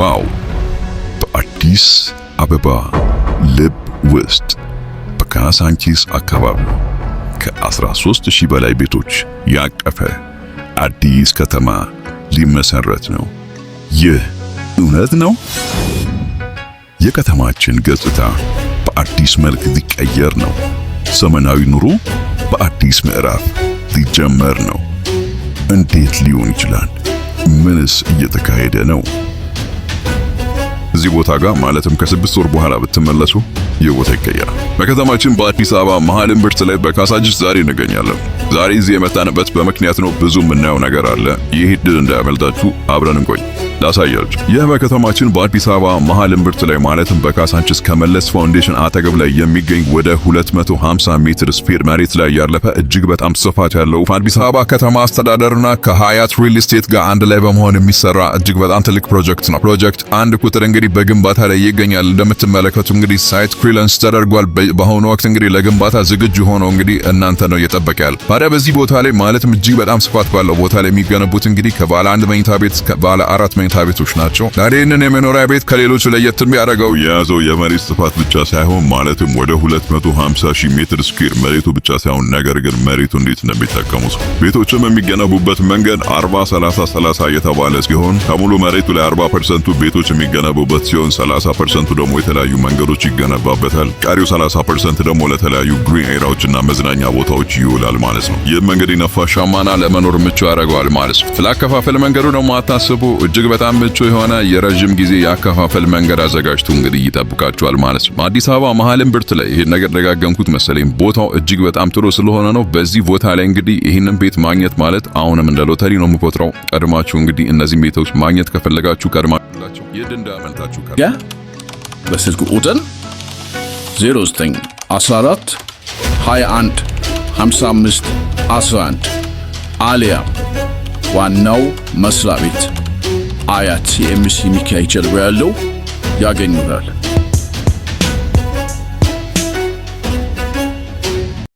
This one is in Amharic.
ዋው! በአዲስ አበባ ልብ ውስጥ በካሳንቺስ አካባቢ ከ13000 በላይ ቤቶች ያቀፈ አዲስ ከተማ ሊመሰረት ነው። ይህ እውነት ነው? የከተማችን ገጽታ በአዲስ መልክ ሊቀየር ነው። ዘመናዊ ኑሮ በአዲስ ምዕራፍ ሊጀመር ነው። እንዴት ሊሆን ይችላል? ምንስ እየተካሄደ ነው? ከዚህ ቦታ ጋር ማለትም ከስድስት ወር በኋላ ብትመለሱ ይህ ቦታ ይቀየራል። በከተማችን በአዲስ አበባ መሀል እምብርት ላይ በካሳጅ ዛሬ እንገኛለን። ዛሬ እዚህ የመጣንበት በምክንያት ነው። ብዙ የምናየው ነገር አለ። ይህ ድል እንዳያመልጣችሁ፣ አብረን እንቆይ። ላሳያችሁ። ይህ በከተማችን በአዲስ አበባ መሀል እምብርት ላይ ማለትም በካሳንችስ ከመለስ ፋውንዴሽን አጠገብ ላይ የሚገኝ ወደ 250 ሜትር ስፔር መሬት ላይ ያለፈ እጅግ በጣም ስፋት ያለው አዲስ አበባ ከተማ አስተዳደርና ከሀያት ሪል ስቴት ጋር አንድ ላይ በመሆን የሚሰራ እጅግ በጣም ትልቅ ፕሮጀክት ነው። ፕሮጀክት አንድ ቁጥር እንግዲህ በግንባታ ላይ ይገኛል። እንደምትመለከቱ እንግዲህ ሳይት ክሊራንስ ተደርጓል። በአሁኑ ወቅት እንግዲህ ለግንባታ ዝግጁ ሆኖ እንግዲህ እናንተ ነው እየጠበቀ ያለ። ታዲያ በዚህ ቦታ ላይ ማለትም እጅግ በጣም ስፋት ባለው ቦታ ላይ የሚገነቡት እንግዲህ ከባለ አንድ መኝታ ቤት ባለ አራት መኝታ መኝታ ቤቶች ናቸው። ታዲያ ይህንን የመኖሪያ ቤት ከሌሎች ለየት የሚያደርገው የያዘው የመሬት ስፋት ብቻ ሳይሆን ማለትም ወደ 250 ሺህ ሜትር ስኩዌር መሬቱ ብቻ ሳይሆን ነገር ግን መሬቱ እንዴት እንደሚጠቀሙት ቤቶችም የሚገነቡበት መንገድ 40 30 30 የተባለ ሲሆን ከሙሉ መሬቱ ላይ 40 ፐርሰንቱ ቤቶች የሚገነቡበት ሲሆን 30 ፐርሰንቱ ደግሞ የተለያዩ መንገዶች ይገነባበታል። ቀሪው 30 ፐርሰንት ደግሞ ለተለያዩ ግሪን እና መዝናኛ ቦታዎች ይውላል ማለት ነው። ይህ መንገድ ነፋሻማና ለመኖር ምቹ ያደርገዋል ማለት ነው። ስለ አከፋፈል መንገዱ ደግሞ አታስቡ እጅግ በጣም ምቹ የሆነ የረዥም ጊዜ የአከፋፈል መንገድ አዘጋጅቶ እንግዲህ ይጠብቃቸዋል ማለት ነው። አዲስ አበባ መሀልም ብርት ላይ ይህን ነገር ደጋገምኩት መሰለኝ። ቦታው እጅግ በጣም ጥሩ ስለሆነ ነው። በዚህ ቦታ ላይ እንግዲህ ይህንን ቤት ማግኘት ማለት አሁንም እንደ ሎተሪ ነው የምቆጥረው። ቀድማችሁ እንግዲህ እነዚህም ቤቶች ማግኘት ከፈለጋችሁ ቀድማችሁ የድ እንዳመልጣችሁ ከ በስልክ ቁጥር 09 14 21 55 11 አሊያ ዋናው መስሪያ ቤት አያት የኤምሲ ሚካኤል ጀርባ ያለው ያገኙታል።